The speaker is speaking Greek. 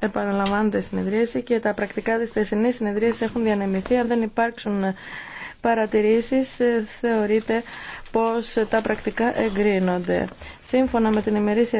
Επαναλαμβάνονται συνεδρίαση και τα πρακτικά της θεσινής συνεδρίας έχουν διανεμηθεί. Αν δεν υπάρξουν παρατηρήσεις, θεωρείται πως τα πρακτικά εγκρίνονται. Σύμφωνα με την ημερήσια